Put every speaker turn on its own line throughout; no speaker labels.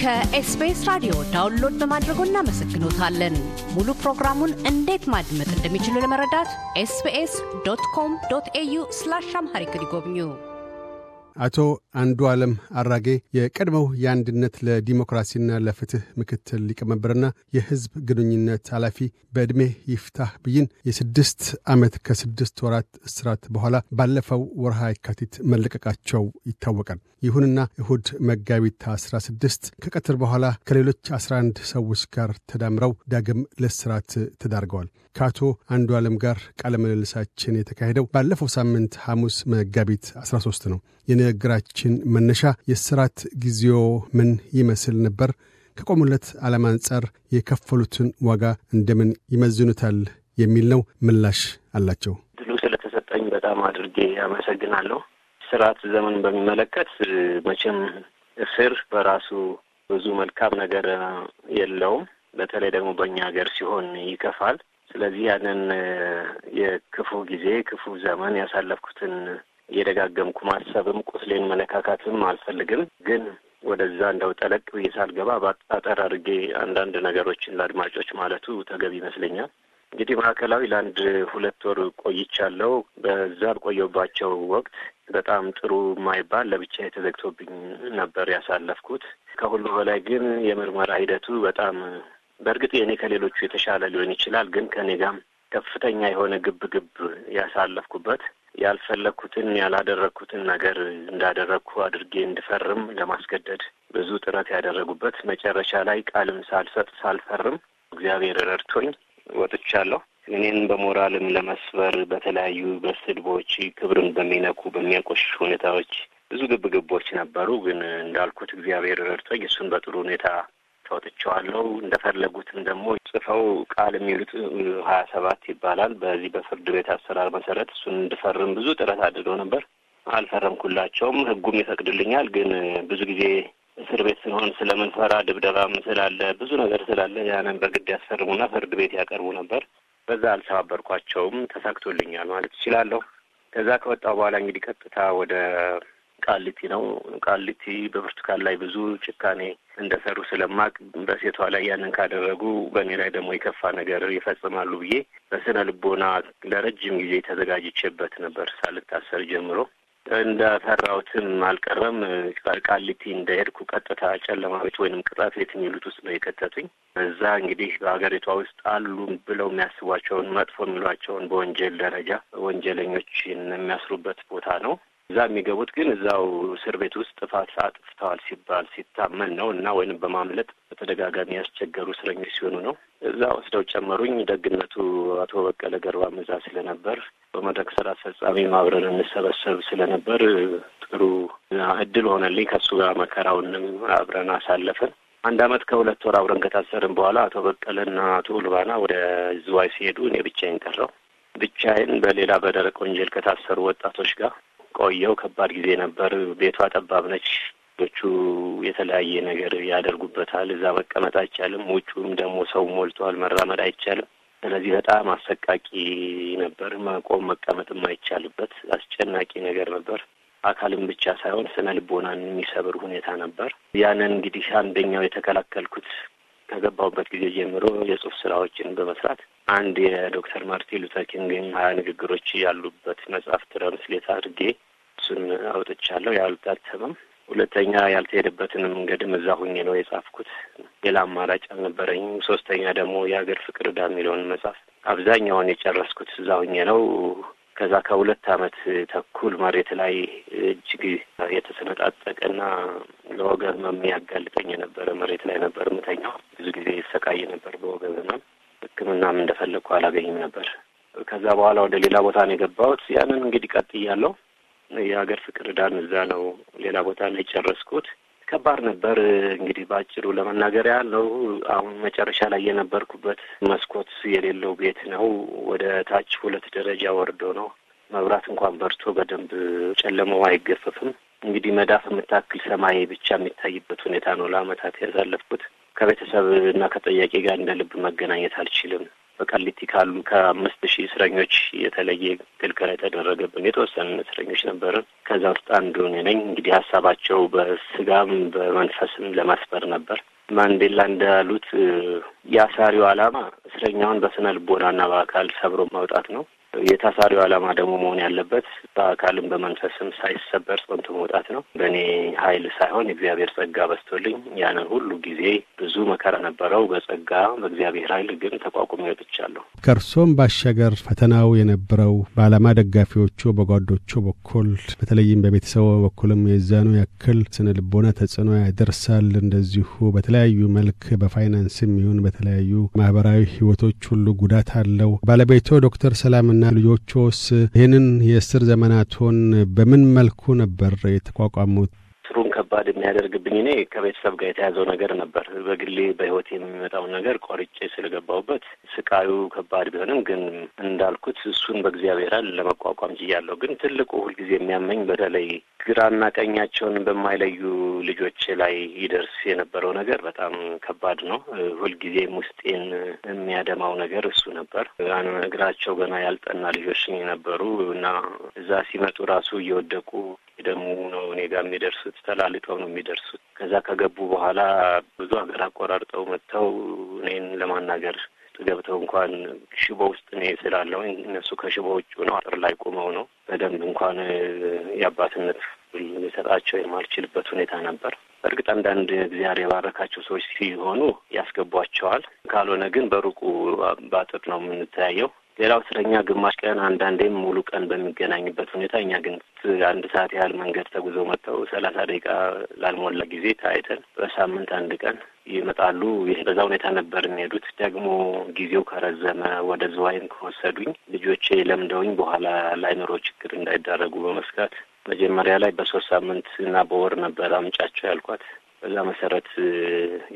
ከኤስቢኤስ ራዲዮ ዳውንሎድ በማድረጎ እናመሰግኖታለን። ሙሉ ፕሮግራሙን እንዴት ማድመጥ እንደሚችሉ ለመረዳት ኤስቢኤስ ዶት ኮም ዶት ኤዩ ስላሽ አምሃሪክ ይጎብኙ።
አቶ አንዱ ዓለም አራጌ የቀድሞው የአንድነት ለዲሞክራሲና ለፍትህ ምክትል ሊቀመንበርና የሕዝብ ግንኙነት ኃላፊ በዕድሜ ይፍታህ ብይን የስድስት ዓመት ከስድስት ወራት እስራት በኋላ ባለፈው ወርሃ የካቲት መለቀቃቸው ይታወቃል። ይሁንና እሁድ መጋቢት 16 ከቀትር በኋላ ከሌሎች 11 ሰዎች ጋር ተዳምረው ዳግም ለስራት ተዳርገዋል። ከአቶ አንዱ ዓለም ጋር ቃለ ምልልሳችን የተካሄደው ባለፈው ሳምንት ሐሙስ መጋቢት 13 ነው። የንግግራችን መነሻ የስራት ጊዜዎ ምን ይመስል ነበር? ከቆሙለት ዓላማ አንጻር የከፈሉትን ዋጋ እንደምን ይመዝኑታል? የሚል ነው። ምላሽ አላቸው። ድሉ
ስለተሰጠኝ በጣም አድርጌ አመሰግናለሁ። ስርዓት ዘመን በሚመለከት መቼም እስር በራሱ ብዙ መልካም ነገር የለውም። በተለይ ደግሞ በእኛ ሀገር ሲሆን ይከፋል። ስለዚህ ያንን የክፉ ጊዜ ክፉ ዘመን ያሳለፍኩትን እየደጋገምኩ ማሰብም ቁስሌን መነካካትም አልፈልግም። ግን ወደዛ እንደው ጠለቅ ብዬ ሳልገባ አጠር አድርጌ አንዳንድ ነገሮችን ለአድማጮች ማለቱ ተገቢ ይመስለኛል። እንግዲህ ማዕከላዊ ለአንድ ሁለት ወር ቆይቻለሁ። በዛ በቆየባቸው ወቅት በጣም ጥሩ ማይባል ለብቻ የተዘግቶብኝ ነበር ያሳለፍኩት። ከሁሉ በላይ ግን የምርመራ ሂደቱ በጣም በእርግጥ የእኔ ከሌሎቹ የተሻለ ሊሆን ይችላል፣ ግን ከእኔ ጋም ከፍተኛ የሆነ ግብ ግብ ያሳለፍኩበት ያልፈለግኩትን ያላደረግኩትን ነገር እንዳደረግኩ አድርጌ እንድፈርም ለማስገደድ ብዙ ጥረት ያደረጉበት መጨረሻ ላይ ቃልም ሳልሰጥ ሳልፈርም እግዚአብሔር ረድቶኝ ወጥቻለሁ። እኔን በሞራልም ለመስበር በተለያዩ በስድቦች ክብርን በሚነኩ በሚያቆሽ ሁኔታዎች ብዙ ግብግቦች ነበሩ። ግን እንዳልኩት እግዚአብሔር ረድቶኝ እሱን በጥሩ ሁኔታ ተወጥቸዋለሁ። እንደፈለጉትም ደግሞ ጽፈው ቃል የሚሉት ሀያ ሰባት ይባላል። በዚህ በፍርድ ቤት አሰራር መሰረት እሱን እንድፈርም ብዙ ጥረት አድርገው ነበር። አልፈረምኩላቸውም። ህጉም ይፈቅድልኛል። ግን ብዙ ጊዜ እስር ቤት ስለሆን ስለምንፈራ ድብደባም ስላለ ብዙ ነገር ስላለ ያንን በግድ ያስፈርሙና ፍርድ ቤት ያቀርቡ ነበር። በዛ አልተባበርኳቸውም። ተሳክቶልኛል ማለት እችላለሁ። ከዛ ከወጣሁ በኋላ እንግዲህ ቀጥታ ወደ ቃሊቲ ነው። ቃሊቲ በብርቱካን ላይ ብዙ ጭካኔ እንደሰሩ ስለማቅ በሴቷ ላይ ያንን ካደረጉ በእኔ ላይ ደግሞ የከፋ ነገር ይፈጽማሉ ብዬ በስነ ልቦና ለረጅም ጊዜ ተዘጋጅቼበት ነበር ሳልታሰር ጀምሮ። እንዳፈራሁትም አልቀረም። ቃሊቲ እንደሄድኩ ቀጥታ ጨለማ ቤት ወይንም ቅጣት ቤት የሚሉት ውስጥ ነው የከተቱኝ። እዛ እንግዲህ በሀገሪቷ ውስጥ አሉ ብለው የሚያስቧቸውን መጥፎ የሚሏቸውን በወንጀል ደረጃ ወንጀለኞች የሚያስሩበት ቦታ ነው። እዛ የሚገቡት ግን እዛው እስር ቤት ውስጥ ጥፋት አጥፍተዋል ሲባል ሲታመን ነው እና ወይንም በማምለጥ በተደጋጋሚ ያስቸገሩ እስረኞች ሲሆኑ ነው። እዛ ወስደው ጨመሩኝ። ደግነቱ አቶ በቀለ ገርባ እዛ ስለነበር በመድረክ ስራ አስፈጻሚ አብረን እንሰበሰብ ስለነበር ጥሩ እድል ሆነልኝ። ከሱ ጋር መከራውንም አብረን አሳለፍን። አንድ አመት ከሁለት ወር አብረን ከታሰርን በኋላ አቶ በቀለና አቶ ሉባና ወደ ዝዋይ ሲሄዱ እኔ ብቻዬን ቀረው። ብቻዬን በሌላ በደረቅ ወንጀል ከታሰሩ ወጣቶች ጋር ቆየው። ከባድ ጊዜ ነበር። ቤቷ ጠባብ ነች። ቹ የተለያየ ነገር ያደርጉበታል። እዛ መቀመጥ አይቻልም። ውጩም ደግሞ ሰው ሞልቷል። መራመድ አይቻልም። ስለዚህ በጣም አሰቃቂ ነበር። መቆም መቀመጥም አይቻልበት አስጨናቂ ነገር ነበር። አካልም ብቻ ሳይሆን ስነ ልቦናን የሚሰብር ሁኔታ ነበር። ያንን እንግዲህ አንደኛው የተከላከልኩት ከገባሁበት ጊዜ ጀምሮ የጽሁፍ ስራዎችን በመስራት አንድ የዶክተር ማርቲን ሉተር ኪንግን ሀያ ንግግሮች ያሉበት መጽሐፍ ትራንስሌት አድርጌ እሱን አውጥቻለሁ። ያው ሁለተኛ ያልተሄደበትን መንገድም እዛ ሁኜ ነው የጻፍኩት። ሌላ አማራጭ አልነበረኝም። ሶስተኛ ደግሞ የሀገር ፍቅር ዕዳ የሚለውን መጽሐፍ አብዛኛውን የጨረስኩት እዛ ሁኜ ነው። ከዛ ከሁለት አመት ተኩል መሬት ላይ እጅግ የተሰነጣጠቀና ለወገብ የሚያጋልጠኝ የነበረ መሬት ላይ ነበር ምተኛው። ብዙ ጊዜ ይሰቃይ ነበር በወገብና ሕክምናም እንደፈለግኩ አላገኝም ነበር። ከዛ በኋላ ወደ ሌላ ቦታ ነው የገባሁት። ያንን እንግዲህ ቀጥያለሁ። የሀገር ፍቅር እዳን እዛ ነው ሌላ ቦታ ነው የጨረስኩት። ከባድ ነበር እንግዲህ በአጭሩ ለመናገር ያለው አሁን መጨረሻ ላይ የነበርኩበት መስኮት የሌለው ቤት ነው። ወደ ታች ሁለት ደረጃ ወርዶ ነው። መብራት እንኳን በርቶ በደንብ ጨለመው አይገፈፍም። እንግዲህ መዳፍ የምታክል ሰማይ ብቻ የሚታይበት ሁኔታ ነው ለአመታት ያሳለፍኩት። ከቤተሰብ እና ከጠያቂ ጋር እንደ ልብ መገናኘት አልችልም። በቃሊቲ ካሉ ከአምስት ሺህ እስረኞች የተለየ ክልከላ የተደረገብን የተወሰኑ እስረኞች ነበርን። ከዛ ውስጥ አንዱ እኔ ነኝ። እንግዲህ ሀሳባቸው በስጋም በመንፈስም ለማስፈር ነበር። ማንዴላ እንዳሉት የአሳሪው ዓላማ እስረኛውን በስነ ልቦናና በአካል ሰብሮ ማውጣት ነው። የታሳሪው ዓላማ ደግሞ መሆን ያለበት በአካልም በመንፈስም ሳይሰበር ጸንቶ መውጣት ነው። በእኔ ኃይል ሳይሆን እግዚአብሔር ጸጋ በስቶልኝ ያንን ሁሉ ጊዜ ብዙ መከራ ነበረው። በጸጋ በእግዚአብሔር ኃይል ግን ተቋቁሜ
ወጥቻለሁ። ከእርሶም ባሻገር ፈተናው የነበረው በዓላማ ደጋፊዎቹ፣ በጓዶቹ በኩል በተለይም በቤተሰቡ በኩልም የዛኑ ያክል ስነ ልቦና ተጽዕኖ ያደርሳል። እንደዚሁ በተለያዩ መልክ በፋይናንስም ይሁን በተለያዩ ማህበራዊ ህይወቶች ሁሉ ጉዳት አለው። ባለቤቶ ዶክተር ሰላም እና ልጆችዎስ ይህንን የእስር ዘመናቱን በምን መልኩ ነበር የተቋቋሙት? ፍቅሩን ከባድ
የሚያደርግብኝ እኔ ከቤተሰብ ጋር የተያዘው ነገር ነበር። በግሌ በህይወት የሚመጣውን ነገር ቆርጬ ስለገባሁበት ስቃዩ ከባድ ቢሆንም ግን እንዳልኩት እሱን በእግዚአብሔር አል ለመቋቋም ችያለሁ። ግን ትልቁ ሁልጊዜ የሚያመኝ በተለይ ግራና ቀኛቸውን በማይለዩ ልጆች ላይ ይደርስ የነበረው ነገር በጣም ከባድ ነው። ሁልጊዜም ውስጤን የሚያደማው ነገር እሱ ነበር። እግራቸው ገና ያልጠና ልጆች የነበሩ እና እዛ ሲመጡ ራሱ እየወደቁ ደግሞ ነው እኔ ጋር የሚደርሱት ተላልጠው ነው የሚደርሱት። ከዛ ከገቡ በኋላ ብዙ ሀገር አቆራርጠው መጥተው እኔን ለማናገር ገብተው እንኳን ሽቦ ውስጥ እኔ ስላለው እነሱ ከሽቦ ውጭ ነው አጥር ላይ ቆመው ነው በደንብ እንኳን የአባትነት ሊሰጣቸው የማልችልበት ሁኔታ ነበር። እርግጥ አንዳንድ እግዚአብሔር የባረካቸው ሰዎች ሲሆኑ ያስገቧቸዋል። ካልሆነ ግን በሩቁ በአጥር ነው የምንተያየው። ሌላው እስረኛ ግማሽ ቀን አንዳንዴም ሙሉ ቀን በሚገናኝበት ሁኔታ እኛ ግን አንድ ሰዓት ያህል መንገድ ተጉዞ መጥተው ሰላሳ ደቂቃ ላልሞላ ጊዜ ታይተን በሳምንት አንድ ቀን ይመጣሉ። በዛ ሁኔታ ነበር የሚሄዱት። ደግሞ ጊዜው ከረዘመ ወደ ዝዋይን ከወሰዱኝ ልጆቼ ለምደውኝ በኋላ ለአይምሮ ችግር እንዳይዳረጉ በመስጋት መጀመሪያ ላይ በሶስት ሳምንት እና በወር ነበር አምጫቸው ያልኳት። በዛ መሰረት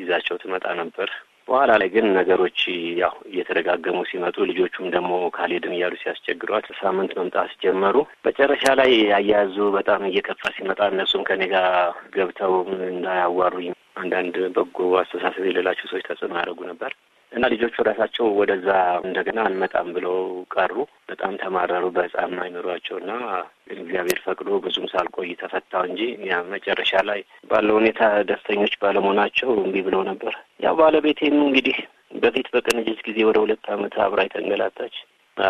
ይዛቸው ትመጣ ነበር። በኋላ ላይ ግን ነገሮች ያው እየተደጋገሙ ሲመጡ ልጆቹም ደግሞ ካልሄድን እያሉ ሲያስቸግሯት ሳምንት መምጣት ጀመሩ። መጨረሻ ላይ አያያዙ በጣም እየከፋ ሲመጣ እነሱም ከኔ ጋር ገብተው እንዳያዋሩኝ አንዳንድ በጎ አስተሳሰብ የሌላቸው ሰዎች ተጽዕኖ ያደርጉ ነበር። እና ልጆቹ ራሳቸው ወደዛ እንደገና አንመጣም ብለው ቀሩ። በጣም ተማረሩ በህፃን አይምሯቸው እና እግዚአብሔር ፈቅዶ ብዙም ሳልቆይ ተፈታው እንጂ ያ መጨረሻ ላይ ባለው ሁኔታ ደስተኞች ባለመሆናቸው እምቢ ብለው ነበር። ያው ባለቤቴም እንግዲህ በፊት በቅንጅት ጊዜ ወደ ሁለት አመት አብራኝ ተንገላታች።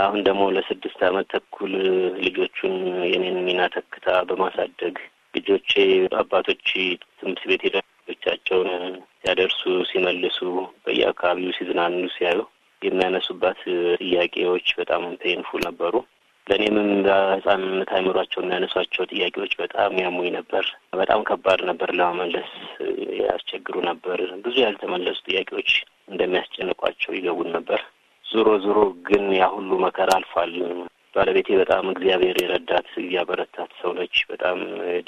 አሁን ደግሞ ለስድስት አመት ተኩል ልጆቹን የኔን ሚና ተክታ በማሳደግ ልጆቼ አባቶች ትምህርት ቤት ሄደ ልጆቻቸውን ሲያደርሱ ሲመልሱ፣ በየአካባቢው ሲዝናኑ ሲያዩ የሚያነሱባት ጥያቄዎች በጣም ፔንፉል ነበሩ። ለእኔም በህፃንነት አይምሯቸው የሚያነሷቸው ጥያቄዎች በጣም ያሙኝ ነበር። በጣም ከባድ ነበር ለመመለስ ያስቸግሩ ነበር። ብዙ ያልተመለሱ ጥያቄዎች እንደሚያስጨንቋቸው ይገቡን ነበር። ዞሮ ዞሮ ግን ያ ሁሉ መከራ አልፏል። ባለቤቴ በጣም እግዚአብሔር የረዳት እያበረታት ሰው ነች። በጣም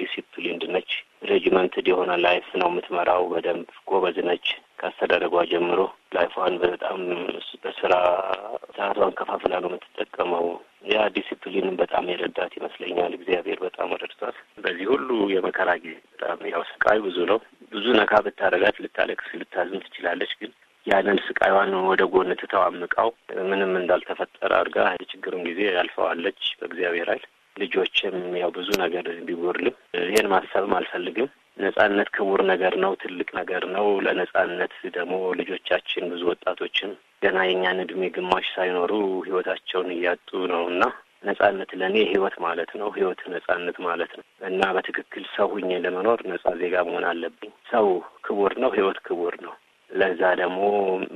ዲሲፕሊንድ ነች። ሬጅመንትድ የሆነ ላይፍ ነው የምትመራው። በደንብ ጎበዝ ነች። ከአስተዳደጓ ጀምሮ ላይፏን በጣም በስራ ሰዓቷን ከፋፍላ ነው የምትጠቀመው። ያ ዲሲፕሊንን በጣም የረዳት ይመስለኛል። እግዚአብሔር በጣም ረድቷት በዚህ ሁሉ የመከራ ጊዜ በጣም ያው ስቃይ ብዙ ነው። ብዙ ነካ ብታረጋት ልታለቅስ፣ ልታዝን ትችላለች ግን ያንን ስቃይዋን ወደ ጎን ትተው አምቃው ምንም እንዳልተፈጠረ አድርጋ የችግርም ጊዜ ያልፈዋለች በእግዚአብሔር ኃይል። ልጆችም ያው ብዙ ነገር ቢጎድልም ይህን ማሰብም አልፈልግም። ነጻነት ክቡር ነገር ነው፣ ትልቅ ነገር ነው። ለነጻነት ደግሞ ልጆቻችን ብዙ ወጣቶችን ገና የእኛን እድሜ ግማሽ ሳይኖሩ ህይወታቸውን እያጡ ነው እና ነጻነት ለእኔ ህይወት ማለት ነው። ህይወት ነጻነት ማለት ነው እና በትክክል ሰው ሁኜ ለመኖር ነጻ ዜጋ መሆን አለብኝ። ሰው ክቡር ነው። ህይወት ክቡር ነው። ለዛ ደግሞ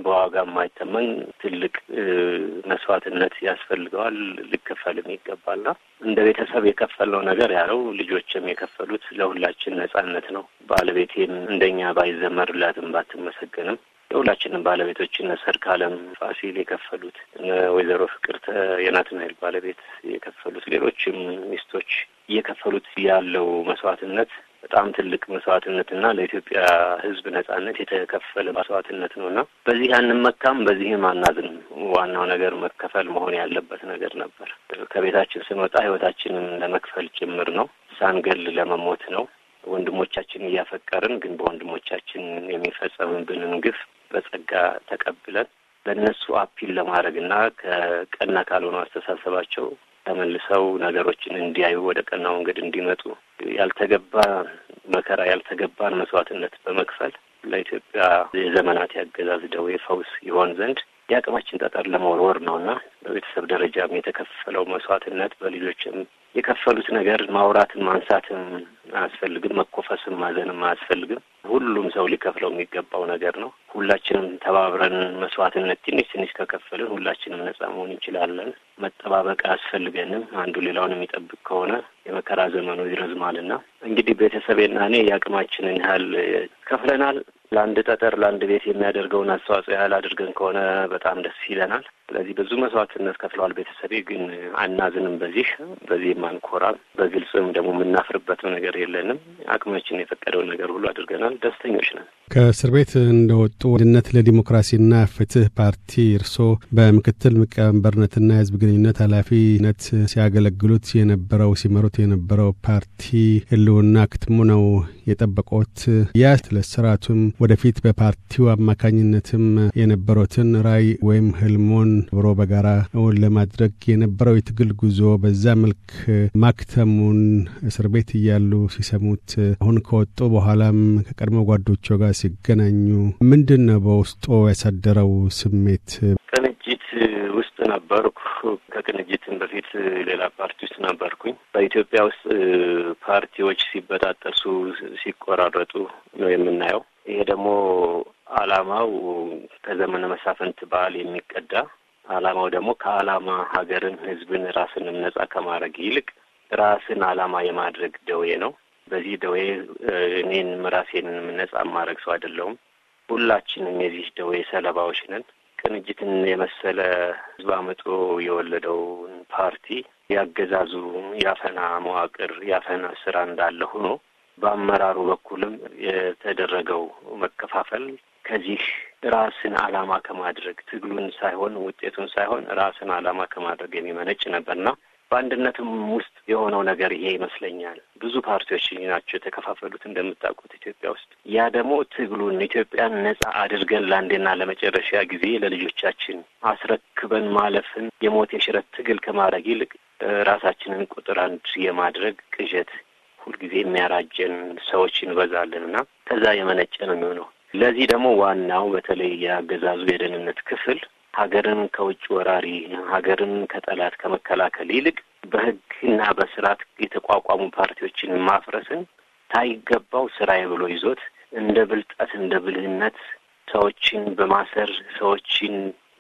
በዋጋ የማይተመን ትልቅ መስዋዕትነት ያስፈልገዋል፣ ሊከፈልም ይገባልና እንደ ቤተሰብ የከፈለው ነገር ያለው ልጆችም የከፈሉት ለሁላችን ነጻነት ነው። ባለቤቴም እንደኛ ባይዘመርላትም ባትመሰገንም የሁላችንም ባለቤቶች እነ ሰርካለም ፋሲል የከፈሉት እነ ወይዘሮ ፍቅርተ የናትናኤል ባለቤት የከፈሉት ሌሎችም ሚስቶች እየከፈሉት ያለው መስዋዕትነት በጣም ትልቅ መስዋዕትነትና ለኢትዮጵያ ሕዝብ ነጻነት የተከፈለ መስዋዕትነት ነው እና በዚህ አንመካም፣ በዚህም አናዝንም። ዋናው ነገር መከፈል መሆን ያለበት ነገር ነበር። ከቤታችን ስንወጣ ሕይወታችንን ለመክፈል ጭምር ነው፣ ሳንገል ለመሞት ነው። ወንድሞቻችን እያፈቀርን ግን በወንድሞቻችን የሚፈጸምብንን ግፍ በጸጋ ተቀብለን ለእነሱ አፒል ለማድረግና ከቀና ካልሆነ አስተሳሰባቸው ተመልሰው ነገሮችን እንዲያዩ ወደ ቀናው መንገድ እንዲመጡ ያልተገባ መከራ ያልተገባን መስዋዕትነት በመክፈል ለኢትዮጵያ የዘመናት ያገዛዝ ደዌ ፈውስ ይሆን ዘንድ የአቅማችን ጠጠር ለመወርወር ነው እና በቤተሰብ ደረጃም የተከፈለው መስዋዕትነት በልጆችም የከፈሉት ነገር ማውራትም ማንሳትም አያስፈልግም። መኮፈስም ማዘንም አያስፈልግም። ሁሉም ሰው ሊከፍለው የሚገባው ነገር ነው። ሁላችንም ተባብረን መስዋዕትነት ትንሽ ትንሽ ከከፈልን ሁላችንም ነጻ መሆን እንችላለን። መጠባበቅ አያስፈልገንም። አንዱ ሌላውን የሚጠብቅ ከሆነ የመከራ ዘመኑ ይረዝማልና እንግዲህ ቤተሰቤና እኔ የአቅማችንን ያህል ከፍለናል። ለአንድ ጠጠር ለአንድ ቤት የሚያደርገውን አስተዋጽኦ ያህል አድርገን ከሆነ በጣም ደስ ይለናል። ስለዚህ ብዙ መስዋዕትነት ከፍለዋል። ቤተሰቤ ግን አናዝንም። በዚህ በዚህ ማንኮራም በግልጽም ደግሞ የምናፍርበትም ነገር ነገር የለንም። አቅማችን የፈቀደውን ነገር ሁሉ አድርገናል። ደስተኞች
ነን። ከእስር ቤት እንደወጡ አንድነት ለዲሞክራሲና ፍትህ ፓርቲ እርሶ በምክትል ሊቀመንበርነትና የህዝብ ግንኙነት ኃላፊነት ሲያገለግሉት የነበረው ሲመሩት የነበረው ፓርቲ ህልውና ክትሙ ነው የጠበቆት። ያ ለስራቱም ወደፊት በፓርቲው አማካኝነትም የነበሩትን ራይ ወይም ህልሞን ብሮ በጋራ እውን ለማድረግ የነበረው የትግል ጉዞ በዛ መልክ ማክተሙን እስር ቤት እያሉ ሲሰሙት አሁን ከወጡ በኋላም ከቀድሞ ጓዶቹ ጋር ሲገናኙ ምንድን ነው በውስጦ ያሳደረው ስሜት?
ቅንጅት ውስጥ ነበርኩ። ከቅንጅትም በፊት ሌላ ፓርቲ ውስጥ ነበርኩኝ። በኢትዮጵያ ውስጥ ፓርቲዎች ሲበጣጠሱ፣ ሲቆራረጡ ነው የምናየው። ይሄ ደግሞ አላማው ከዘመነ መሳፍንት በዓል የሚቀዳ አላማው ደግሞ ከአላማ ሀገርን፣ ህዝብን ራስንም ነጻ ከማድረግ ይልቅ ራስን አላማ የማድረግ ደዌ ነው። በዚህ ደዌ እኔን ምራሴን ነጻ ማድረግ ሰው አይደለሁም። ሁላችንም የዚህ ደዌ ሰለባዎች ነን። ቅንጅትን የመሰለ ህዝብ አመጦ የወለደውን ፓርቲ ያገዛዙ ያፈና መዋቅር ያፈና ስራ እንዳለ ሆኖ በአመራሩ በኩልም የተደረገው መከፋፈል ከዚህ ራስን አላማ ከማድረግ ትግሉን ሳይሆን ውጤቱን ሳይሆን ራስን አላማ ከማድረግ የሚመነጭ ነበርና በአንድነትም ውስጥ የሆነው ነገር ይሄ ይመስለኛል። ብዙ ፓርቲዎች ናቸው የተከፋፈሉት እንደምታውቁት ኢትዮጵያ ውስጥ። ያ ደግሞ ትግሉን ኢትዮጵያን ነጻ አድርገን ለአንዴና ለመጨረሻ ጊዜ ለልጆቻችን አስረክበን ማለፍን የሞት የሽረት ትግል ከማድረግ ይልቅ ራሳችንን ቁጥር አንድ የማድረግ ቅዠት ሁልጊዜ የሚያራጀን ሰዎች እንበዛለን እና ከዛ የመነጨ ነው የሚሆነው። ለዚህ ደግሞ ዋናው በተለይ የአገዛዙ የደህንነት ክፍል ሀገርን ከውጭ ወራሪ ሀገርን ከጠላት ከመከላከል ይልቅ በህግና በስርዓት የተቋቋሙ ፓርቲዎችን ማፍረስን ታይገባው ስራዬ ብሎ ይዞት እንደ ብልጠት እንደ ብልህነት ሰዎችን በማሰር ሰዎችን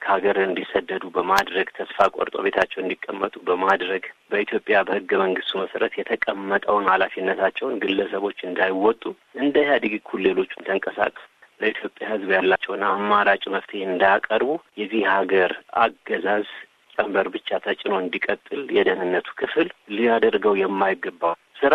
ከሀገር እንዲሰደዱ በማድረግ ተስፋ ቆርጦ ቤታቸው እንዲቀመጡ በማድረግ በኢትዮጵያ በህገ መንግስቱ መሰረት የተቀመጠውን ኃላፊነታቸውን ግለሰቦች እንዳይወጡ እንደ ኢህአዴግ እኩል ሌሎቹም ተንቀሳቅስ ለኢትዮጵያ ሕዝብ ያላቸውን አማራጭ መፍትሄ እንዳያቀርቡ የዚህ ሀገር አገዛዝ ቀንበር ብቻ ተጭኖ እንዲቀጥል የደህንነቱ ክፍል ሊያደርገው የማይገባው ስራ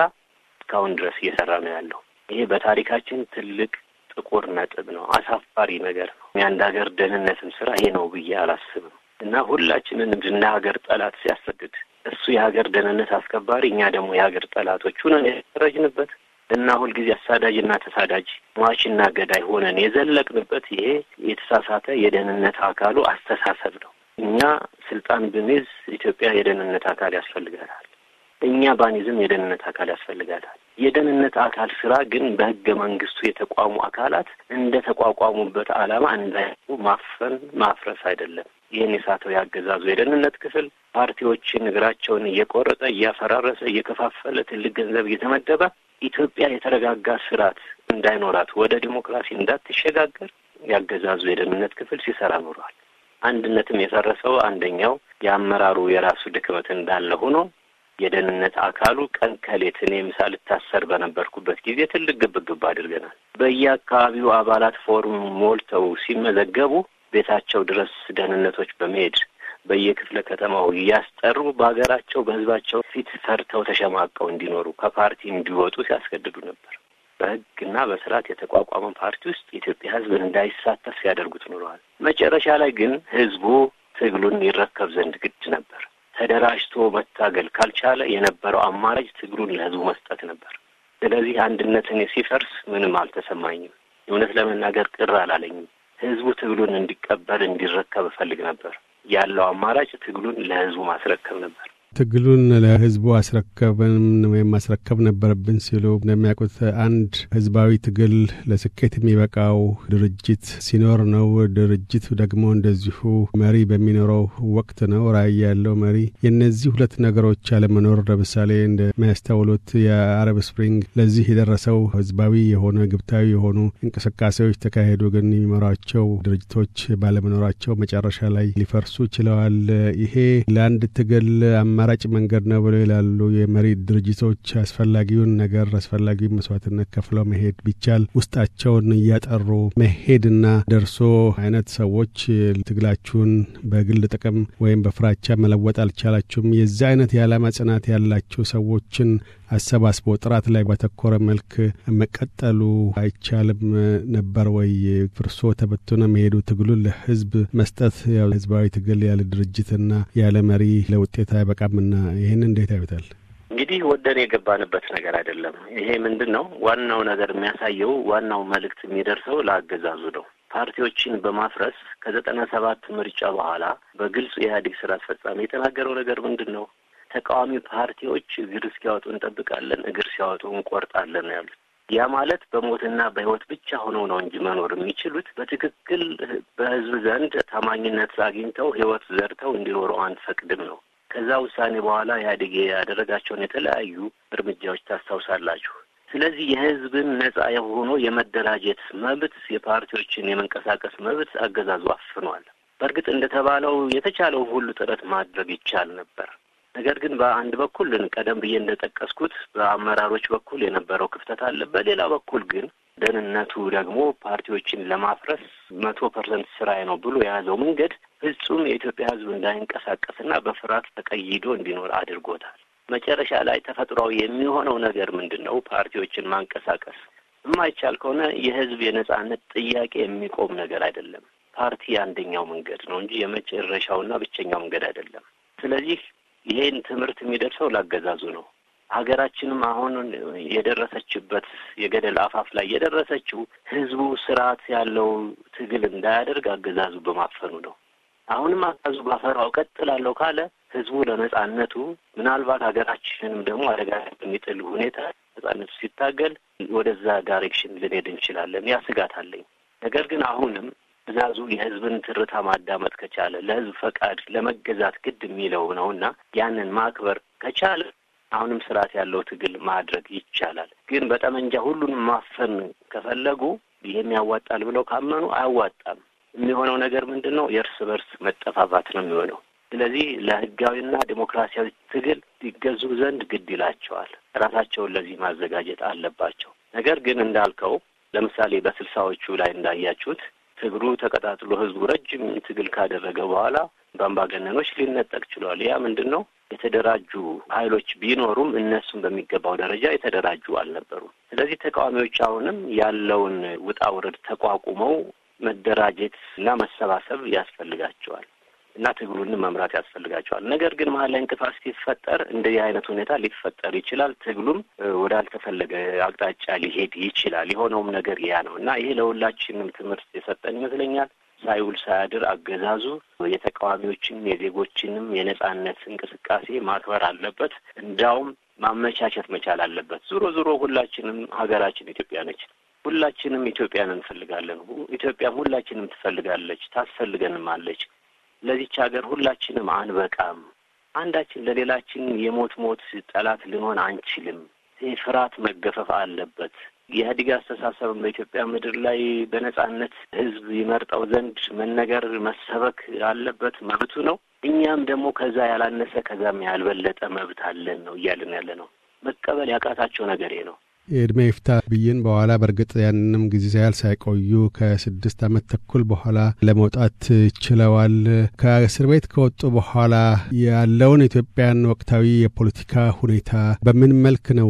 እስካሁን ድረስ እየሰራ ነው ያለው። ይሄ በታሪካችን ትልቅ ጥቁር ነጥብ ነው። አሳፋሪ ነገር ነው። የአንድ ሀገር ደህንነትም ስራ ይሄ ነው ብዬ አላስብም እና ሁላችንን እንደ ሀገር ጠላት ሲያሰድድ እሱ የሀገር ደህንነት አስከባሪ፣ እኛ ደግሞ የሀገር ጠላቶቹን የተረጅንበት እና ሁልጊዜ አሳዳጅና ተሳዳጅ ሟችና ገዳይ ሆነን የዘለቅንበት ይሄ የተሳሳተ የደህንነት አካሉ አስተሳሰብ ነው። እኛ ስልጣን ብንይዝ ኢትዮጵያ የደህንነት አካል ያስፈልጋታል። እኛ ባኒዝም የደህንነት አካል ያስፈልጋታል። የደህንነት አካል ስራ ግን በህገ መንግስቱ የተቋሙ አካላት እንደ ተቋቋሙበት አላማ እንዳይሆኑ ማፈን ማፍረስ አይደለም። ይህን የሳተው ያገዛዙ የደህንነት ክፍል ፓርቲዎችን እግራቸውን እየቆረጠ እያፈራረሰ እየከፋፈለ ትልቅ ገንዘብ እየተመደበ ኢትዮጵያ የተረጋጋ ስርዓት እንዳይኖራት ወደ ዲሞክራሲ እንዳትሸጋገር ያገዛዙ የደህንነት ክፍል ሲሰራ ኑሯል። አንድነትም የፈረሰው አንደኛው የአመራሩ የራሱ ድክመት እንዳለ ሆኖ የደህንነት አካሉ ቀን ከሌት እኔ ምሳ ልታሰር በነበርኩበት ጊዜ ትልቅ ግብግብ አድርገናል። በየአካባቢው አባላት ፎርም ሞልተው ሲመዘገቡ ቤታቸው ድረስ ደህንነቶች በመሄድ በየክፍለ ከተማው እያስጠሩ በሀገራቸው በህዝባቸው ፊት ፈርተው ተሸማቀው እንዲኖሩ ከፓርቲ እንዲወጡ ሲያስገድዱ ነበር። በሕግና በስርዓት የተቋቋመ ፓርቲ ውስጥ የኢትዮጵያ ህዝብ እንዳይሳተፍ ሲያደርጉት ኑረዋል። መጨረሻ ላይ ግን ህዝቡ ትግሉን ይረከብ ዘንድ ግድ ነበር። ተደራጅቶ መታገል ካልቻለ የነበረው አማራጭ ትግሉን ለህዝቡ መስጠት ነበር። ስለዚህ አንድነት እኔ ሲፈርስ ምንም አልተሰማኝም። እውነት ለመናገር ቅር አላለኝም። ህዝቡ ትግሉን እንዲቀበል እንዲረከብ እፈልግ ነበር። ያለው አማራጭ ትግሉን ለህዝቡ ማስረከብ ነበር።
ትግሉን ለህዝቡ አስረከብን ወይም ማስረከብ ነበረብን ሲሉ እንደሚያውቁት አንድ ህዝባዊ ትግል ለስኬት የሚበቃው ድርጅት ሲኖር ነው። ድርጅቱ ደግሞ እንደዚሁ መሪ በሚኖረው ወቅት ነው፣ ራዕይ ያለው መሪ። የእነዚህ ሁለት ነገሮች አለመኖር ለምሳሌ እንደሚያስተውሉት የአረብ ስፕሪንግ ለዚህ የደረሰው ህዝባዊ የሆነ ግብታዊ የሆኑ እንቅስቃሴዎች ተካሄዱ፣ ግን የሚመሯቸው ድርጅቶች ባለመኖራቸው መጨረሻ ላይ ሊፈርሱ ችለዋል። ይሄ ለአንድ ትግል አማራጭ መንገድ ነው ብለው ይላሉ። የመሬት ድርጅቶች አስፈላጊውን ነገር አስፈላጊውን መስዋዕትነት ከፍለው መሄድ ቢቻል ውስጣቸውን እያጠሩ መሄድና ደርሶ አይነት ሰዎች ትግላችሁን በግል ጥቅም ወይም በፍራቻ መለወጥ አልቻላችሁም፣ የዚ አይነት የዓላማ ጽናት ያላችሁ ሰዎችን አሰባስቦ ጥራት ላይ ባተኮረ መልክ መቀጠሉ አይቻልም ነበር ወይ? ፍርሶ ተበትኖ መሄዱ ትግሉን ለህዝብ መስጠት ህዝባዊ ትግል ያለ ድርጅትና ያለ መሪ ለውጤት አይበቃምና ይህን እንዴት ያዩታል?
እንግዲህ ወደን የገባንበት ነገር አይደለም። ይሄ ምንድን ነው ዋናው ነገር የሚያሳየው ዋናው መልእክት የሚደርሰው ለአገዛዙ ነው። ፓርቲዎችን በማፍረስ ከዘጠና ሰባት ምርጫ በኋላ በግልጽ የኢህአዴግ ስራ አስፈጻሚ የተናገረው ነገር ምንድን ነው? ተቃዋሚ ፓርቲዎች እግር እስኪያወጡ እንጠብቃለን፣ እግር ሲያወጡ እንቆርጣለን ነው ያሉት። ያ ማለት በሞትና በሕይወት ብቻ ሆነው ነው እንጂ መኖር የሚችሉት በትክክል በህዝብ ዘንድ ታማኝነት አግኝተው ሕይወት ዘርተው እንዲኖሩ አንፈቅድም ነው። ከዛ ውሳኔ በኋላ ኢህአዴግ ያደረጋቸውን የተለያዩ እርምጃዎች ታስታውሳላችሁ። ስለዚህ የህዝብን ነጻ የሆኖ የመደራጀት መብት፣ የፓርቲዎችን የመንቀሳቀስ መብት አገዛዙ አፍኗል። በእርግጥ እንደተባለው የተቻለው ሁሉ ጥረት ማድረግ ይቻል ነበር። ነገር ግን በአንድ በኩል ቀደም ብዬ እንደጠቀስኩት በአመራሮች በኩል የነበረው ክፍተት አለ። በሌላ በኩል ግን ደህንነቱ ደግሞ ፓርቲዎችን ለማፍረስ መቶ ፐርሰንት ስራዬ ነው ብሎ የያዘው መንገድ ፍጹም የኢትዮጵያ ሕዝብ እንዳይንቀሳቀስና በፍርሃት ተቀይዶ እንዲኖር አድርጎታል። መጨረሻ ላይ ተፈጥሯዊ የሚሆነው ነገር ምንድን ነው? ፓርቲዎችን ማንቀሳቀስ የማይቻል ከሆነ የህዝብ የነጻነት ጥያቄ የሚቆም ነገር አይደለም። ፓርቲ አንደኛው መንገድ ነው እንጂ የመጨረሻውና ብቸኛው መንገድ አይደለም። ስለዚህ ይሄን ትምህርት የሚደርሰው ላገዛዙ ነው። ሀገራችንም አሁን የደረሰችበት የገደል አፋፍ ላይ የደረሰችው ህዝቡ ስርዓት ያለው ትግል እንዳያደርግ አገዛዙ በማፈኑ ነው። አሁንም አገዛዙ ባፈራው ቀጥላለሁ ካለ ህዝቡ ለነጻነቱ ምናልባት ሀገራችንንም ደግሞ አደጋ በሚጥል ሁኔታ ነጻነቱ ሲታገል ወደዛ ዳይሬክሽን ልንሄድ እንችላለን። ያ ስጋት አለኝ። ነገር ግን አሁንም ብዛዙ የህዝብን ትርታ ማዳመጥ ከቻለ ለህዝብ ፈቃድ ለመገዛት ግድ የሚለው ነው እና ያንን ማክበር ከቻለ አሁንም ስርዓት ያለው ትግል ማድረግ ይቻላል። ግን በጠመንጃ ሁሉንም ማፈን ከፈለጉ ይህም ያዋጣል ብለው ካመኑ አያዋጣም። የሚሆነው ነገር ምንድን ነው? የእርስ በርስ መጠፋፋት ነው የሚሆነው። ስለዚህ ለህጋዊና ዴሞክራሲያዊ ትግል ሊገዙ ዘንድ ግድ ይላቸዋል። ራሳቸውን ለዚህ ማዘጋጀት አለባቸው። ነገር ግን እንዳልከው ለምሳሌ በስልሳዎቹ ላይ እንዳያችሁት ትግሉ ተቀጣጥሎ ህዝቡ ረጅም ትግል ካደረገ በኋላ በአምባገነኖች ሊነጠቅ ችሏል። ያ ምንድን ነው? የተደራጁ ኃይሎች ቢኖሩም እነሱን በሚገባው ደረጃ የተደራጁ አልነበሩም። ስለዚህ ተቃዋሚዎች አሁንም ያለውን ውጣ ውረድ ተቋቁመው መደራጀት እና መሰባሰብ ያስፈልጋቸዋል። እና ትግሉንም መምራት ያስፈልጋቸዋል። ነገር ግን መሀል ላይ እንቅፋት ሲፈጠር እንደዚህ አይነት ሁኔታ ሊፈጠር ይችላል። ትግሉም ወዳልተፈለገ አቅጣጫ ሊሄድ ይችላል። የሆነውም ነገር ያ ነው እና ይሄ ለሁላችንም ትምህርት የሰጠን ይመስለኛል። ሳይውል ሳያድር አገዛዙ የተቃዋሚዎችንም የዜጎችንም የነጻነት እንቅስቃሴ ማክበር አለበት። እንዳውም ማመቻቸት መቻል አለበት። ዞሮ ዞሮ ሁላችንም ሀገራችን ኢትዮጵያ ነች። ሁላችንም ኢትዮጵያን እንፈልጋለን። ኢትዮጵያም ሁላችንም ትፈልጋለች፣ ታስፈልገንም አለች። ለዚች ሀገር ሁላችንም አንበቃም። አንዳችን ለሌላችን የሞት ሞት ጠላት ልንሆን አንችልም። ይህ ፍርሃት መገፈፍ አለበት። የኢህአዴግ አስተሳሰብም በኢትዮጵያ ምድር ላይ በነጻነት ህዝብ ይመርጠው ዘንድ መነገር መሰበክ አለበት፣ መብቱ ነው። እኛም ደግሞ ከዛ ያላነሰ ከዛም ያልበለጠ መብት አለን ነው እያልን ያለ ነው። መቀበል
ያቃታቸው ነገር ነው። የዕድሜ ይፍታ ብይን በኋላ በእርግጥ ያንንም ጊዜ ሳያል ሳይቆዩ ከስድስት ዓመት ተኩል በኋላ ለመውጣት ችለዋል። ከእስር ቤት ከወጡ በኋላ ያለውን ኢትዮጵያን ወቅታዊ የፖለቲካ ሁኔታ በምን መልክ ነው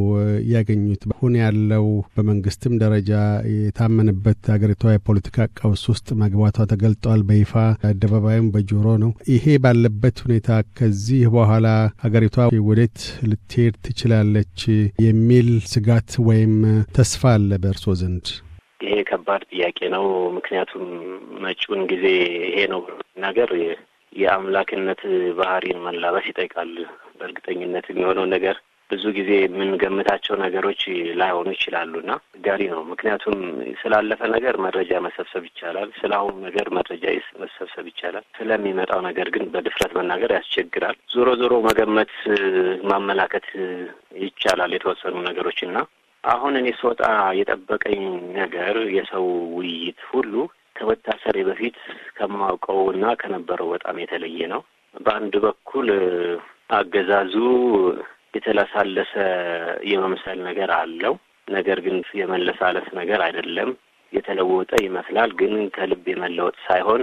ያገኙት? አሁን ያለው በመንግስትም ደረጃ የታመንበት አገሪቷ የፖለቲካ ቀውስ ውስጥ መግባቷ ተገልጧል። በይፋ አደባባይም በጆሮ ነው። ይሄ ባለበት ሁኔታ ከዚህ በኋላ አገሪቷ ወዴት ልትሄድ ትችላለች የሚል ስጋት ወይም ተስፋ አለ በእርሶ ዘንድ?
ይሄ ከባድ ጥያቄ ነው። ምክንያቱም መጪውን ጊዜ ይሄ ነው ነገር የአምላክነት ባህሪን መላበስ ይጠይቃል። በእርግጠኝነት የሚሆነው ነገር ብዙ ጊዜ የምንገምታቸው ነገሮች ላይሆኑ ይችላሉ እና ጋሪ ነው። ምክንያቱም ስላለፈ ነገር መረጃ መሰብሰብ ይቻላል፣ ስለ ነገር መረጃ መሰብሰብ ይቻላል። ስለሚመጣው ነገር ግን በድፍረት መናገር ያስቸግራል። ዞሮ ዞሮ መገመት ማመላከት ይቻላል የተወሰኑ ነገሮች እና አሁን እኔ ስወጣ የጠበቀኝ ነገር የሰው ውይይት ሁሉ ከመታሰሬ በፊት ከማውቀው እና ከነበረው በጣም የተለየ ነው። በአንድ በኩል አገዛዙ የተለሳለሰ የመምሰል ነገር አለው። ነገር ግን የመለሳለስ ነገር አይደለም። የተለወጠ ይመስላል፣ ግን ከልብ የመለወጥ ሳይሆን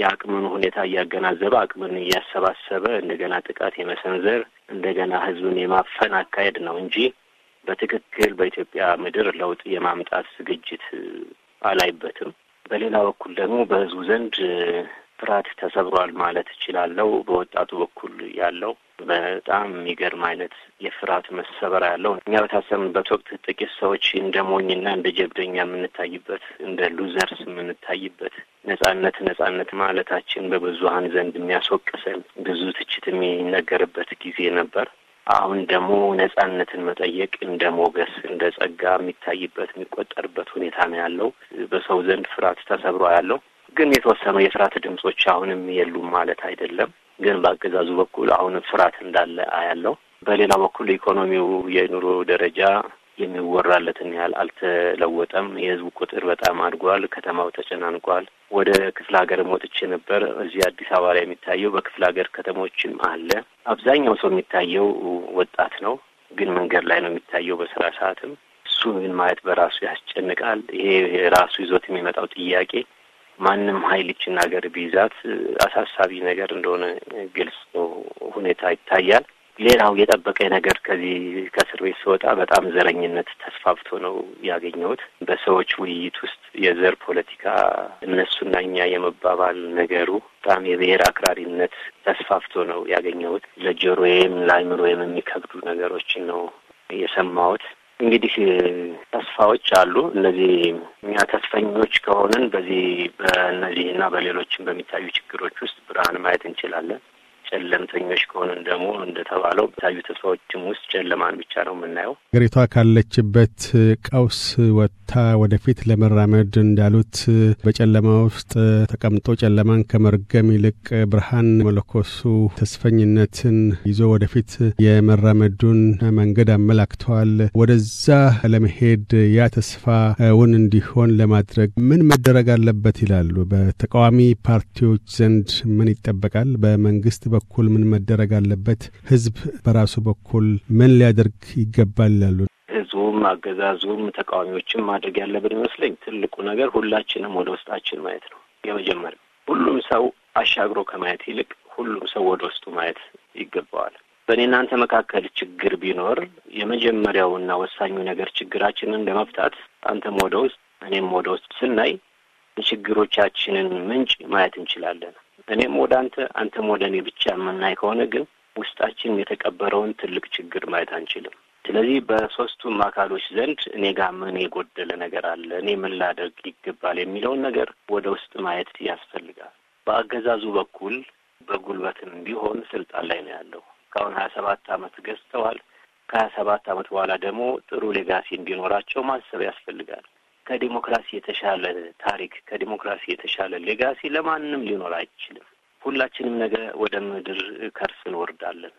የአቅምን ሁኔታ እያገናዘበ አቅምን እያሰባሰበ እንደገና ጥቃት የመሰንዘር እንደገና ህዝብን የማፈን አካሄድ ነው እንጂ በትክክል በኢትዮጵያ ምድር ለውጥ የማምጣት ዝግጅት አላይበትም። በሌላ በኩል ደግሞ በህዝቡ ዘንድ ፍርሃት ተሰብሯል ማለት እችላለሁ። በወጣቱ በኩል ያለው በጣም የሚገርም አይነት የፍርሃት መሰበር ያለው እኛ በታሰብንበት ወቅት ጥቂት ሰዎች እንደ ሞኝና እንደ ጀብደኛ የምንታይበት እንደ ሉዘርስ የምንታይበት ነጻነት ነጻነት ማለታችን በብዙሀን ዘንድ የሚያስወቅሰን ብዙ ትችት የሚነገርበት ጊዜ ነበር። አሁን ደግሞ ነጻነትን መጠየቅ እንደ ሞገስ እንደ ጸጋ የሚታይበት የሚቆጠርበት ሁኔታ ነው ያለው። በሰው ዘንድ ፍርሃት ተሰብሮ ያለው ግን የተወሰኑ የፍርሃት ድምጾች አሁንም የሉም ማለት አይደለም። ግን በአገዛዙ በኩል አሁንም ፍርሃት እንዳለ ያለው በሌላ በኩል ኢኮኖሚው የኑሮ ደረጃ የሚወራለትን ያህል አልተለወጠም። የህዝቡ ቁጥር በጣም አድጓል። ከተማው ተጨናንቋል። ወደ ክፍለ ሀገር ወጥቼ ነበር። እዚህ አዲስ አበባ ላይ የሚታየው በክፍለ ሀገር ከተሞችም አለ። አብዛኛው ሰው የሚታየው ወጣት ነው፣ ግን መንገድ ላይ ነው የሚታየው በስራ ሰዓትም። እሱ ግን ማየት በራሱ ያስጨንቃል። ይሄ ራሱ ይዞት የሚመጣው ጥያቄ ማንም ሀይል ይችን ሀገር ቢይዛት አሳሳቢ ነገር እንደሆነ ግልጽ ሁኔታ ይታያል። ሌላው የጠበቀኝ ነገር ከዚህ ከእስር ቤት ስወጣ በጣም ዘረኝነት ተስፋፍቶ ነው ያገኘሁት። በሰዎች ውይይት ውስጥ የዘር ፖለቲካ እነሱና እኛ የመባባል ነገሩ በጣም የብሔር አክራሪነት ተስፋፍቶ ነው ያገኘሁት። ለጆሮዬም ለአይምሮዬም የሚከብዱ ነገሮችን ነው የሰማሁት። እንግዲህ ተስፋዎች አሉ። እነዚህ እኛ ተስፈኞች ከሆንን በዚህ እና በሌሎችም በሚታዩ ችግሮች ውስጥ ብርሃን ማየት እንችላለን። ጨለምተኞች ከሆንን ደግሞ እንደተባለው በታዩ ተስፋዎችም ውስጥ ጨለማን ብቻ
ነው የምናየው። ሀገሪቷ ካለችበት ቀውስ ወጥታ ወደፊት ለመራመድ እንዳሉት በጨለማ ውስጥ ተቀምጦ ጨለማን ከመርገም ይልቅ ብርሃን መለኮሱ ተስፈኝነትን ይዞ ወደፊት የመራመዱን መንገድ አመላክተዋል። ወደዛ ለመሄድ ያ ተስፋውን እንዲሆን ለማድረግ ምን መደረግ አለበት ይላሉ? በተቃዋሚ ፓርቲዎች ዘንድ ምን ይጠበቃል? በመንግስት በኩል ምን መደረግ አለበት? ህዝብ በራሱ በኩል ምን ሊያደርግ ይገባል ያሉ
ህዝቡም አገዛዙም ተቃዋሚዎችም ማድረግ ያለብን ይመስለኝ ትልቁ ነገር ሁላችንም ወደ ውስጣችን ማየት ነው። የመጀመሪያ ሁሉም ሰው አሻግሮ ከማየት ይልቅ ሁሉም ሰው ወደ ውስጡ ማየት ይገባዋል። በእኔ እናንተ መካከል ችግር ቢኖር የመጀመሪያውና ወሳኙ ነገር ችግራችንን ለመፍታት አንተም ወደ ውስጥ እኔም ወደ ውስጥ ስናይ የችግሮቻችንን ምንጭ ማየት እንችላለን። እኔም ወደ አንተ አንተም ወደ እኔ ብቻ የምናይ ከሆነ ግን ውስጣችን የተቀበረውን ትልቅ ችግር ማየት አንችልም። ስለዚህ በሶስቱም አካሎች ዘንድ እኔ ጋ ምን የጎደለ ነገር አለ፣ እኔ ምን ላደርግ ይገባል የሚለውን ነገር ወደ ውስጥ ማየት ያስፈልጋል። በአገዛዙ በኩል በጉልበትም ቢሆን ስልጣን ላይ ነው ያለው። እስካሁን ሀያ ሰባት አመት ገዝተዋል። ከሀያ ሰባት አመት በኋላ ደግሞ ጥሩ ሌጋሲ እንዲኖራቸው ማሰብ ያስፈልጋል። ከዲሞክራሲ የተሻለ ታሪክ ከዲሞክራሲ የተሻለ ሌጋሲ ለማንም ሊኖር አይችልም። ሁላችንም ነገ ወደ ምድር ከርስ እንወርዳለን።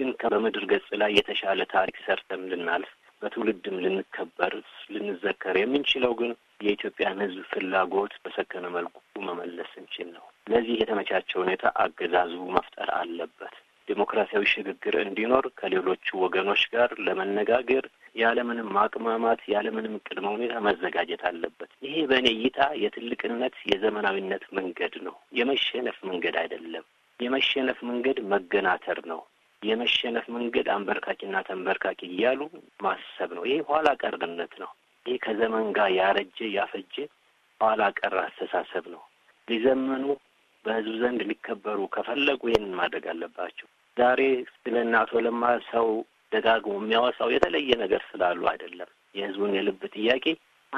ግን በምድር ገጽ ላይ የተሻለ ታሪክ ሰርተም ልናልፍ በትውልድም ልንከበር ልንዘከር የምንችለው ግን የኢትዮጵያን ሕዝብ ፍላጎት በሰከነ መልኩ መመለስ እንችል ነው።
ለዚህ የተመቻቸ
ሁኔታ አገዛዙ መፍጠር አለበት። ዴሞክራሲያዊ ሽግግር እንዲኖር ከሌሎቹ ወገኖች ጋር ለመነጋገር ያለምንም ማቅማማት ያለምንም ቅድመ ሁኔታ መዘጋጀት አለበት። ይሄ በእኔ እይታ የትልቅነት የዘመናዊነት መንገድ ነው። የመሸነፍ መንገድ አይደለም። የመሸነፍ መንገድ መገናተር ነው። የመሸነፍ መንገድ አንበርካኪና ተንበርካኪ እያሉ ማሰብ ነው። ይሄ ኋላ ቀርነት ነው። ይሄ ከዘመን ጋር ያረጀ ያፈጀ ኋላ ቀር አስተሳሰብ ነው። ሊዘመኑ በህዝብ ዘንድ ሊከበሩ ከፈለጉ ይህንን ማድረግ አለባቸው። ዛሬ ስለ እናቶ አቶ ለማ ሰው ደጋግሞ የሚያወሳው የተለየ ነገር ስላሉ አይደለም። የህዝቡን የልብ ጥያቄ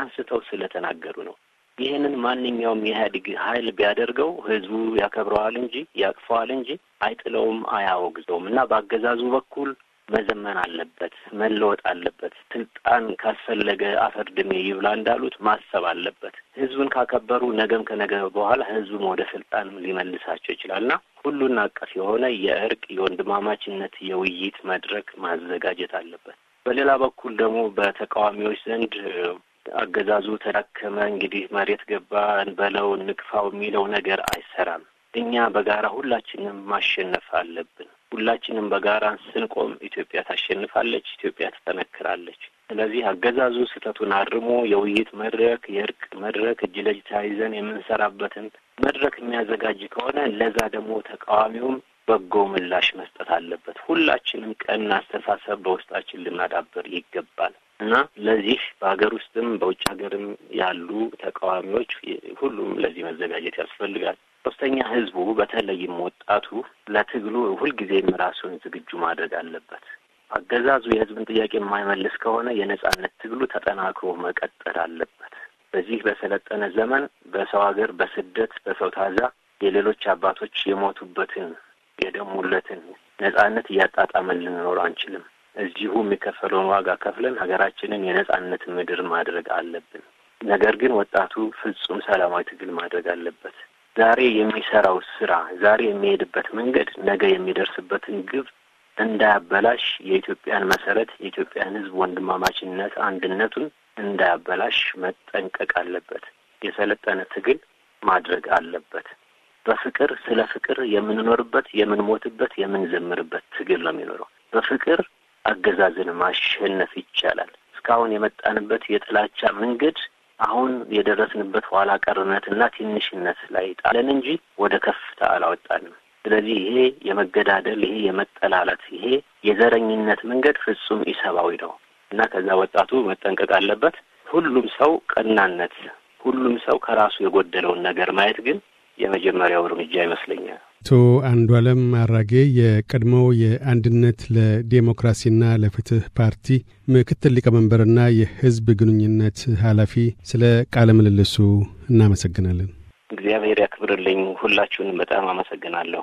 አንስተው ስለተናገሩ ነው። ይህንን ማንኛውም የኢህአዴግ ኃይል ቢያደርገው ህዝቡ ያከብረዋል እንጂ ያቅፈዋል እንጂ አይጥለውም፣ አያወግዘውም እና በአገዛዙ በኩል መዘመን አለበት፣ መለወጥ አለበት። ስልጣን ካስፈለገ አፈር ድሜ ይብላ እንዳሉት ማሰብ አለበት። ህዝብን ካከበሩ ነገም ከነገ በኋላ ህዝቡም ወደ ስልጣን ሊመልሳቸው ይችላልና ሁሉን አቀፍ የሆነ የእርቅ የወንድማማችነት የውይይት መድረክ ማዘጋጀት አለበት። በሌላ በኩል ደግሞ በተቃዋሚዎች ዘንድ አገዛዙ ተዳከመ፣ እንግዲህ መሬት ገባ በለው፣ ንቅፋው የሚለው ነገር አይሰራም።
እኛ በጋራ
ሁላችንም ማሸነፍ አለብን። ሁላችንም በጋራ ስንቆም ኢትዮጵያ ታሸንፋለች፣ ኢትዮጵያ ትጠነክራለች። ስለዚህ አገዛዙ ስህተቱን አርሞ የውይይት መድረክ፣ የእርቅ መድረክ እጅ ለእጅ ተያይዘን የምንሰራበትን መድረክ የሚያዘጋጅ ከሆነ ለዛ ደግሞ ተቃዋሚውም በጎ ምላሽ መስጠት አለበት። ሁላችንም ቀና አስተሳሰብ በውስጣችን ልናዳብር ይገባል እና ለዚህ በሀገር ውስጥም በውጭ ሀገርም ያሉ ተቃዋሚዎች ሁሉም ለዚህ መዘጋጀት ያስፈልጋል። ሶስተኛ ህዝቡ በተለይም ወጣቱ ለትግሉ ሁልጊዜም ራሱን ዝግጁ ማድረግ አለበት። አገዛዙ የህዝብን ጥያቄ የማይመልስ ከሆነ የነጻነት ትግሉ ተጠናክሮ መቀጠል አለበት። በዚህ በሰለጠነ ዘመን በሰው ሀገር በስደት በሰው ታዛ የሌሎች አባቶች የሞቱበትን የደሙለትን ነጻነት እያጣጣመን ልንኖር አንችልም። እዚሁ የሚከፈለውን ዋጋ ከፍለን ሀገራችንን የነጻነት ምድር ማድረግ አለብን። ነገር ግን ወጣቱ ፍጹም ሰላማዊ ትግል ማድረግ አለበት። ዛሬ የሚሰራው ስራ፣ ዛሬ የሚሄድበት መንገድ ነገ የሚደርስበትን ግብ እንዳያበላሽ የኢትዮጵያን መሰረት የኢትዮጵያን ሕዝብ ወንድማማችነት አንድነቱን እንዳያበላሽ መጠንቀቅ አለበት። የሰለጠነ ትግል ማድረግ አለበት። በፍቅር ስለ ፍቅር የምንኖርበት የምንሞትበት፣ የምንዘምርበት ትግል ነው የሚኖረው። በፍቅር አገዛዝን ማሸነፍ ይቻላል። እስካሁን የመጣንበት የጥላቻ መንገድ አሁን የደረስንበት ኋላ ቀርነትና ትንሽነት ላይ ጣለን እንጂ ወደ ከፍታ አላወጣንም። ስለዚህ ይሄ የመገዳደል ይሄ የመጠላላት ይሄ የዘረኝነት መንገድ ፍጹም ኢሰብአዊ ነው እና ከዛ ወጣቱ መጠንቀቅ አለበት። ሁሉም ሰው ቀናነት፣ ሁሉም ሰው ከራሱ የጎደለውን ነገር ማየት ግን የመጀመሪያው እርምጃ ይመስለኛል።
አቶ አንዱ አለም አራጌ የቀድሞው የአንድነት ለዴሞክራሲና ለፍትህ ፓርቲ ምክትል ሊቀመንበርና የህዝብ ግንኙነት ኃላፊ፣ ስለ ቃለ ምልልሱ እናመሰግናለን።
እግዚአብሔር ያክብርልኝ። ሁላችሁንም በጣም አመሰግናለሁ።